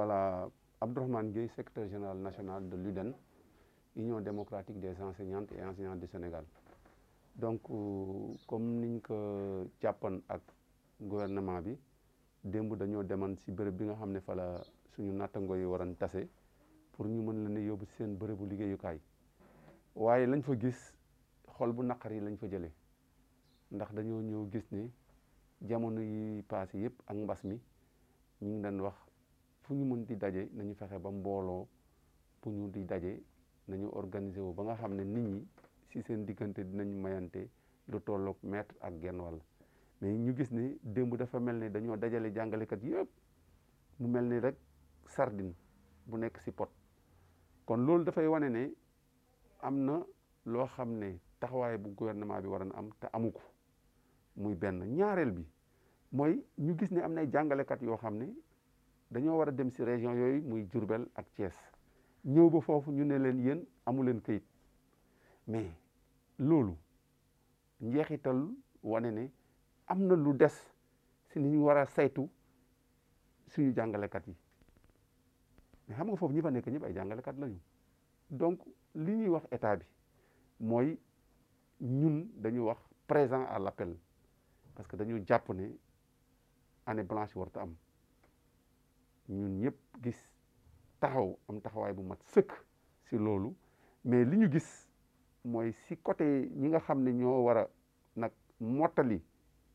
voilà Abdourahmane Gueye secrétaire général national de l'UDEN Union démocratique des enseignantes et enseignants du Sénégal donc euh, comme niñ ko jàppoon ak gouvernement bi démb dañoo deman si bërëb bi nga xam ne fala suñu nattango yi waroon tase pour ñu mën leen a yóbbu seen bërëbu liggéeyukaay waaye lañ fa gis xol bu naqar yi lañ fa jëlee ndax dañoo ñëw gis ne jamono yi passé yëpp ak mbas mi ñu ngi doon wax fu ñu mën di daje nañu fexe ba mbooloo bu ñu di daje nañu organiser wu ba nga xam ne nit ñi si seen diggante dinañ mayante lu tolloog mètre ak genn wàll mais ñu gis ne démb dafa mel ne dañoo dajale jàngalekat yëpp mu mel ni rek sardine bu nekk si pot kon loolu dafay wane ne am na loo xam ne taxawaay bu gouvernement bi waran am te amu ko muy benn ñaareel bi mooy ñu gis ne am na jàngalekat yoo xam ne dañoo war a dem si région yooyu muy Diourbel ak Thiès ñëw ba foofu ñu ne leen yéen amu leen këyit mais loolu njeexital wane ni am na lu des si ni ñu war a saytu suñu jàngalekat yi mais xam nga foofu ñi fa nekk ñëpp ay jàngalekat lañu donc li ñuy wax état bi mooy ñun dañu wax présent à l'appel parce que dañu jàpp ne année blanche warta am ñun ñëpp gis taxaw am taxawaay bu mat sëkk si loolu mais li ñu gis mooy si côté ñi nga xam ne ñoo war a nag mottali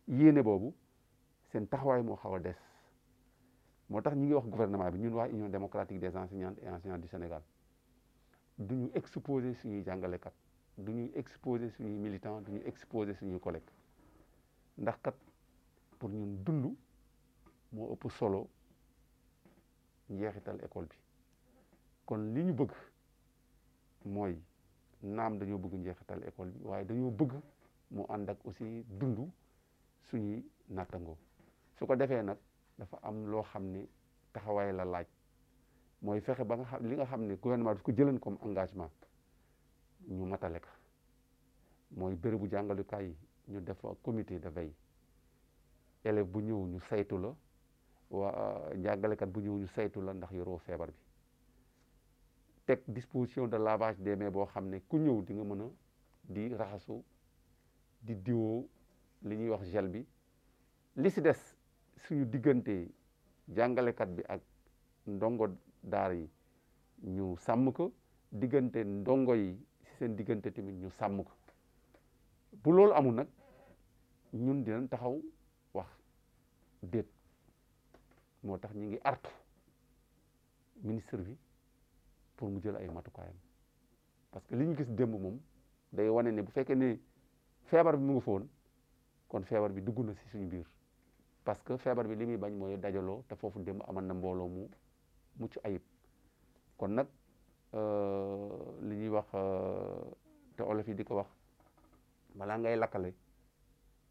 yéene boobu seen taxawaay moo xaw a des moo tax ñi ngi wax gouvernement bi ñun waa union démocratique des enseignantes et enseignants du Sénégal du ñu exposer suñuy jàngalekat du ñu suñuy militants du ñu suñuy collègues ndax kat pour ñun dund moo ëpp solo njeexital école bi kon li ñu bëgg mooy naam dañoo bëgg njeexital école bi waaye dañoo bëgg mu ànd ak aussi dund suñuy nattangoo su ko defee nag dafa am loo xam ne taxawaay la laaj mooy fexe ba nga xam li nga xam ne gouvernement daf ko jëlan comme engagement ñu matale ka mooy bérébu jàngalukaay yi ñu def comité de veille élève bu ñëw ñu saytu la waa euh, jàngalekat bu ñëw ñu saytu la ndax yoroo feebar bi teg disposition de lavage des mains boo xam ne ku ñëw di nga mën a di raxasu di diwoo li ñuy wax gel bi li si des suñu diggante jàngalekat bi ak ndongo daar yi ñu sàmm ko diggante ndongo yi si seen diggante tamit ñu sàmm ko bu loolu amul nag ñun dinañ taxaw wax déet moo tax ngi artu ministre bi pour mu jël ay matukaayam parce que li ñu gis démb moom day wane ne bu fekkee ne feebar bi mu ngi foon kon feebar bi dugg na si suñu biir parce que feebar bi li muy bañ mooy dajaloo te foofu démb aman na mbooloo mu mucc ayib kon nag euh, li ñuy wax euh, te olof yi di ko wax balaa ngay lakkale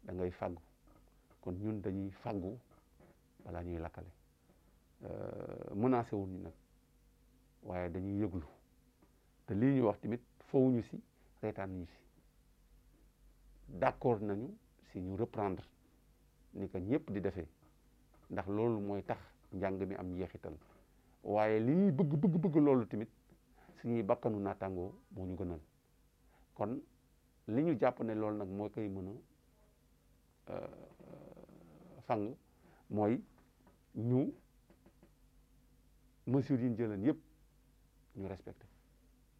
da ngay fàggu kon ñun dañuy fàggu balaa ñuy lakkale Euh, menacé wuñu nag waaye dañuy yëglu te lii ñu wax tamit fowuñu si reetaan ñu si d'accord nañu si ñu reprendre ni ko ñëpp di defee ndax loolu mooy tax njàng mi am njeexital waaye li ñuy bëgg bëgg bëgg loolu tamit suñuy bakkanu naataangoo moo ñu gënal kon li ñu jàpp ne loolu nag moo koy mën a euh, fang mooy ñu mesures yi ñu jëleen yëpp ñu respecté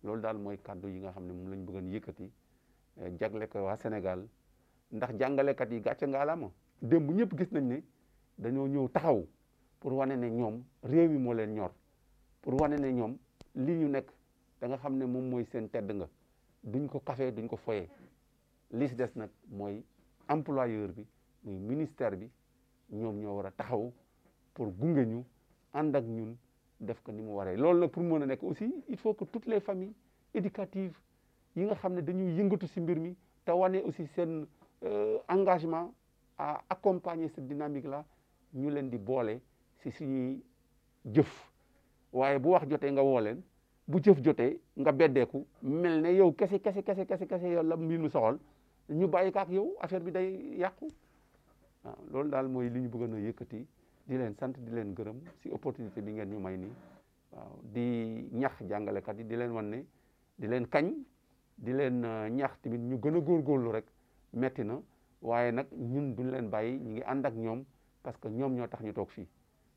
loolu daal mooy kàddu yi nga xam ne moom lañ bëggoon yëkkati eh, jagle ko waa senegal ndax jàngalekat yi gàcce nga alaama démb ñëpp gis nañ ne dañoo ñëw taxaw pour wane ne ñoom réew mi moo leen ñor pour wane ne ñoom li ñu nekk da nga xam ne moom mooy seen tedd nga duñ ko café duñ ko foye li des nag mooy employeur bi muy ministère bi ñoom ñoo war a taxaw pour gunge ñu ànd ak ñun def ko ni mu waree loolu nag pour mën a nekk aussi il faut que toutes les familles éducatives yi nga xam ne dañuy yëngatu si mbir mi te wane aussi seen euh, engagement à accompagner cette dynamique la ñu leen di boole si suñuy jëf waaye bu wax jotee nga woo bu jëf jotee nga beddeeku mel ne yow kese kese kese kese kese yow la mu soxal ñu bàyyi ko yow affaire bi day yàqu waaw loolu daal mooy li ñu bëggoon a yëkkati di leen sant di leen gërëm si opportunité bi ngeen ñu may nii waaw di ñax jàngalekat yi di leen wan ne di leen kañ di leen euh, ñax tamit ñu gën a góor góorlu rek metti na waaye nag ñun duñ leen bayi ñu ngi ànd ak ñoom parce que ñoom ñoo tax ñu toog fii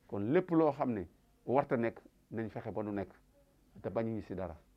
kon lépp loo xam ne warta nekk nañ fexe ba nu nekk te bañuñu si dara